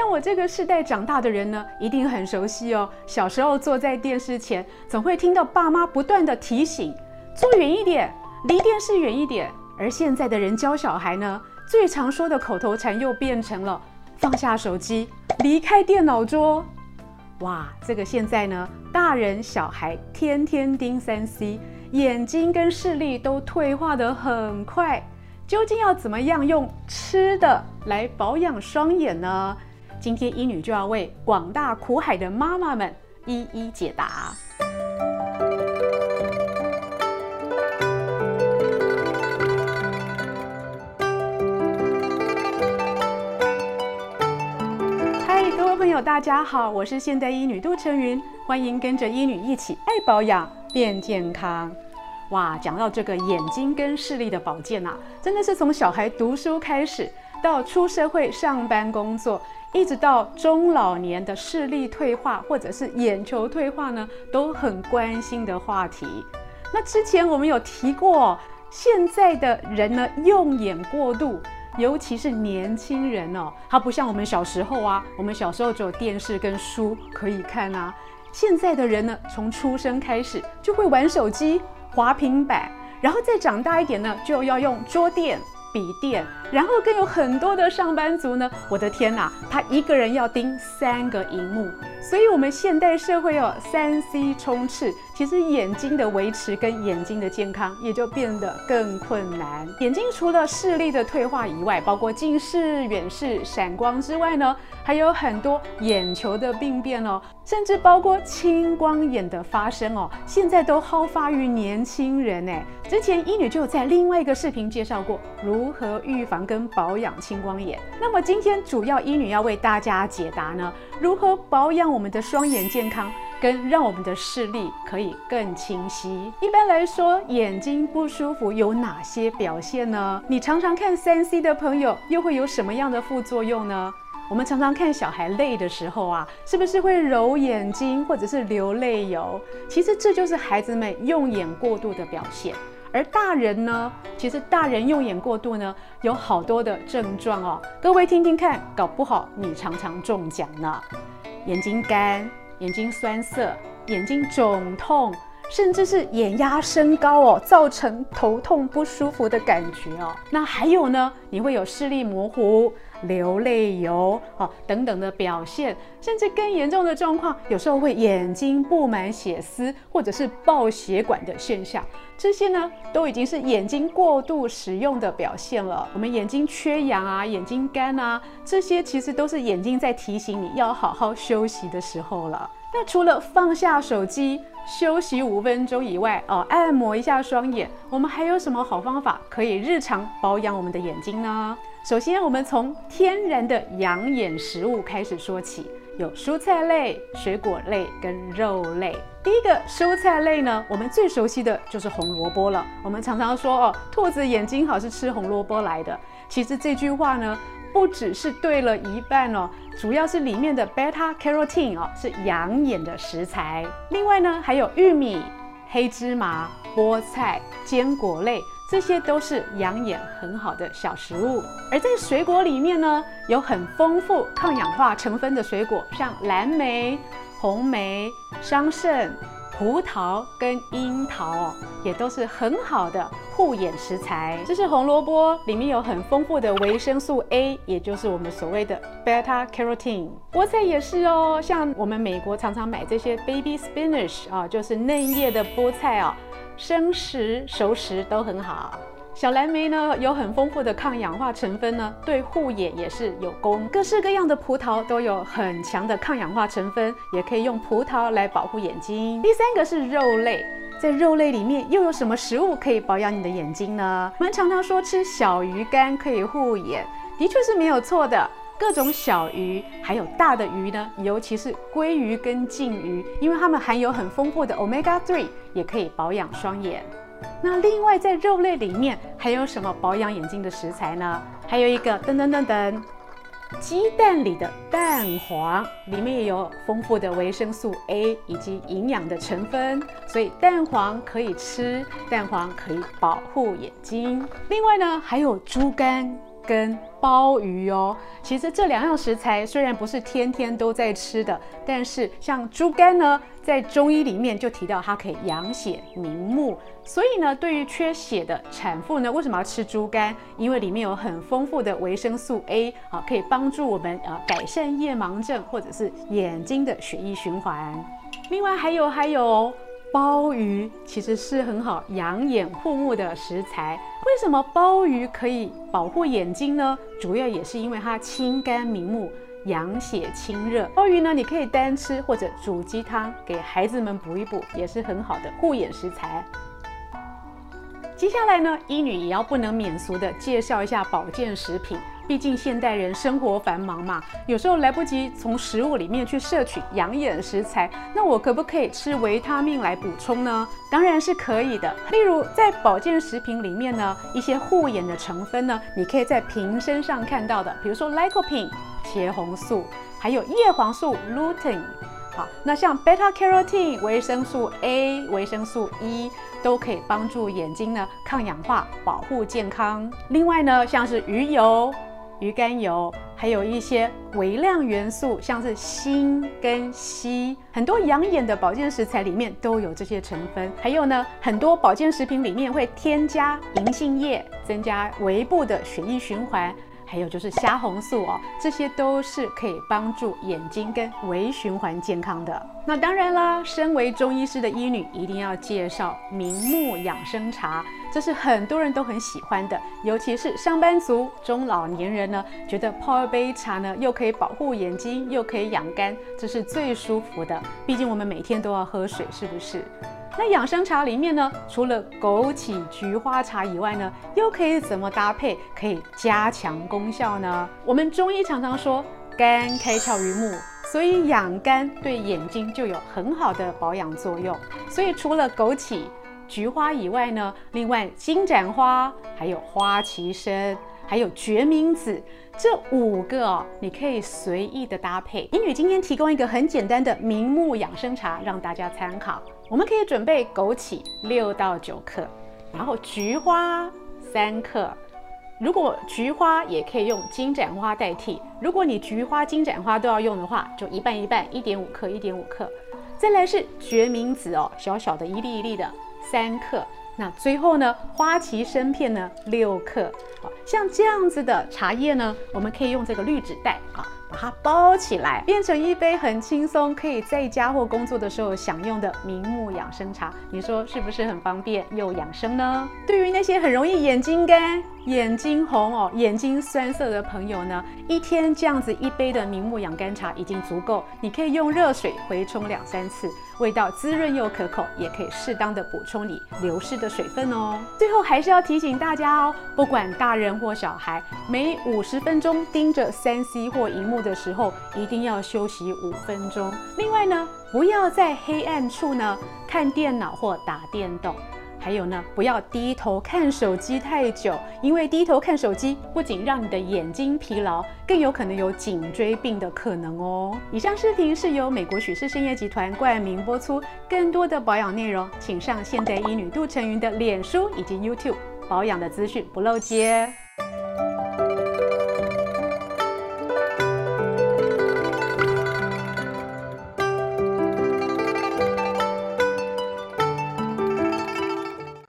像我這個世代長大的人呢，一定很熟悉哦。小時候坐在電視前，總會聽到爸媽不斷的提醒：坐遠一點，離電視遠一點。而現在的人教小孩呢，最常說的口頭禪又變成了放下手機，離開電腦桌。哇，這個現在呢，大人小孩天天盯三 C，眼睛跟視力都退化得很快。究竟要怎麼樣用吃的來保養雙眼呢？今天醫女就要為廣大苦海的媽媽們一一解答。嗨，各位朋友，大家好，我是現代醫女杜丞蕓，歡迎跟着醫女一起愛保養變健康。哇，講到這個眼睛跟視力的保健吶、啊，真的是從小孩讀書開始。到出社會上班工作，一直到中老年的視力退化或者是眼球退化呢，都很關心的話題。那之前我們有提過，現在的人呢，用眼過度，尤其是年輕人哦，他不像我們小時候啊，我們小時候只有電視跟書可以看啊。現在的人呢，從出生開始就會玩手機、滑平板，然後再長大一點呢，就要用桌電。筆電，然後更有很多的上班族呢，我的天哪，他一個人要盯三個螢幕，所以我們現代社會哦，3C 充斥。其實眼睛的維持跟眼睛的健康也就變得更困難。眼睛除了視力的退化以外，包括近視、遠視、散光之外呢，還有很多眼球的病變哦，甚至包括青光眼的發生哦，現在都好發於年輕人哎。之前醫女就在另外一個視頻介紹過如何預防跟保養青光眼。那麼今天主要醫女要為大家解答呢，如何保養我們的雙眼健康。跟讓我們的視力可以更清晰。一般來說，眼睛不舒服有哪些表現呢？你常常看三 C 的朋友又會有什麼樣的副作用呢？我們常常看小孩累的時候啊，是不是會揉眼睛或者是流淚喲？其實這就是孩子們用眼過度的表現。而大人呢，其實大人用眼過度呢，有好多的症狀哦。各位聽聽看，搞不好你常常中獎呢，眼睛乾。眼睛痠澀、眼睛腫痛，甚至是眼壓升高哦，造成頭痛不舒服的感覺哦。那還有呢？你會有視力模糊。流淚油、油、啊、等等的表現，甚至更嚴重的狀況，有時候會眼睛布滿血絲，或者是爆血管的現象，這些呢，都已經是眼睛過度使用的表現了。我們眼睛缺氧啊，眼睛乾啊，這些其實都是眼睛在提醒你要好好休息的時候了。那除了放下手機休息五分鐘以外，哦、啊，按摩一下雙眼，我們還有什麼好方法可以日常保養我們的眼睛呢？首先，我們從天然的養眼食物開始說起，有蔬菜類、水果類跟肉類。第一個蔬菜類呢，我們最熟悉的就是紅蘿蔔了。我們常常說哦，兔子眼睛好是吃紅蘿蔔來的。其實這句話呢，不只是對了一半哦，主要是裡面的 beta carotene 哦，是養眼的食材。另外呢，還有玉米、黑芝麻、菠菜、堅果類。這些都是養眼很好的小食物，而在水果裡面呢，有很豐富抗氧化成分的水果，像藍莓、紅莓、桑葚、葡萄跟櫻桃哦，也都是很好的護眼食材。這是紅蘿蔔，裡面有很豐富的維生素 A，也就是我們所謂的 beta carotene。菠菜也是哦，像我們美國常常買這些 baby spinach 啊，哦，就是嫩葉的菠菜哦生食、熟食都很好。小藍莓呢，有很豐富的抗氧化成分呢，對護眼也是有功。各式各樣的葡萄都有很強的抗氧化成分，也可以用葡萄來保護眼睛。第三個是肉類，在肉類裡面又有什麼食物可以保養你的眼睛呢？我們常常說吃小魚乾可以護眼，的確是沒有錯的。各種小魚，還有大的魚呢，尤其是鮭魚跟鯖魚，因為它們含有很豐富的 omega 3，也可以保養雙眼。那另外在肉類裡面還有什麼保養眼睛的食材呢？還有一個，噔噔噔噔，雞蛋裡的蛋黃，裡面也有豐富的維生素 A 以及營養的成分，所以蛋黃可以吃，蛋黃可以保護眼睛。另外呢，還有豬肝。跟鮑魚哦，其實這兩樣食材雖然不是天天都在吃的，但是像豬肝呢，在中醫裡面就提到它可以養血明目，所以呢，對於缺血的產婦呢，為什麼要吃豬肝？因為裡面有很豐富的維生素 A，好，啊，可以幫助我們啊改善夜盲症或者是眼睛的血液循環。另外還有還有哦。鮑魚其實是很好養眼護目的食材。為什麼鮑魚可以保護眼睛呢？主要也是因為它清肝明目、養血清熱。鮑魚呢，你可以單吃或者煮雞湯，給孩子們補一補，也是很好的護眼食材。接下來呢，醫女也要不能免俗地介紹一下保健食品。畢竟現代人生活繁忙嘛，有時候來不及從食物裡面去攝取養眼食材，那我可不可以吃維他命來補充呢？當然是可以的。例如在保健食品裡面呢，一些護眼的成分呢，你可以在瓶身上看到的，比如說 lycopene（ 茄紅素），還有葉黃素 lutein。好，那像 beta carotene（ 維生素 A）、維生素 E 都可以幫助眼睛呢抗氧化，保護健康。另外呢，像是魚油。魚肝油，還有一些微量元素，像是鋅跟硒，很多養眼的保健食材裡面都有這些成分。還有呢，很多保健食品裡面會添加銀杏葉，增加胃部的血液循環。還有就是蝦紅素哦，這些都是可以幫助眼睛跟微循環健康的。那當然啦，身為中醫師的醫女一定要介紹明目養生茶，這是很多人都很喜歡的，尤其是上班族、中老年人呢，覺得泡一杯茶呢，又可以保護眼睛，又可以養肝，這是最舒服的。畢竟我們每天都要喝水，是不是？那養生茶裡面呢，除了枸杞菊花茶以外呢，又可以怎麼搭配，可以加強功效呢？我們中醫常常說肝開竅於目，所以養肝對眼睛就有很好的保養作用。所以除了枸杞、菊花以外呢，另外金盞花、還有花旗參、還有決明子這五個、哦，你可以隨意的搭配。英語今天提供一個很簡單的明目養生茶，讓大家參考。我們可以準備枸杞六到九克，然後菊花三克。如果菊花也可以用金盞花代替。如果你菊花、金盞花都要用的話，就一半一半，一點五克，一點五克。再來是決明子哦，小小的一粒一粒的，三克。那最後呢，花旗參片呢，六克。好像這樣子的茶葉呢，我們可以用這個濾紙袋啊。把它包起來，變成一杯很輕鬆，可以在家或工作的時候享用的明目養生茶。你說是不是很方便又養生呢？對於那些很容易眼睛乾。眼睛紅哦，眼睛酸澀的朋友呢，一天這樣子一杯的明目養肝茶已經足夠。你可以用熱水回沖兩三次，味道滋潤又可口，也可以適當的補充你流失的水分哦。最後還是要提醒大家哦，不管大人或小孩，每五十分鐘盯着三 C 或螢幕的時候，一定要休息五分鐘。另外呢，不要在黑暗處呢看電腦或打電動。還有呢，不要低頭看手機太久，因為低頭看手機不僅讓你的眼睛疲勞，更有可能有頸椎病的可能哦。以上視頻是由美國許氏參業集團冠名播出，更多的保養內容，請上現代醫女杜成雲的臉書以及 YouTube，保養的資訊不漏接。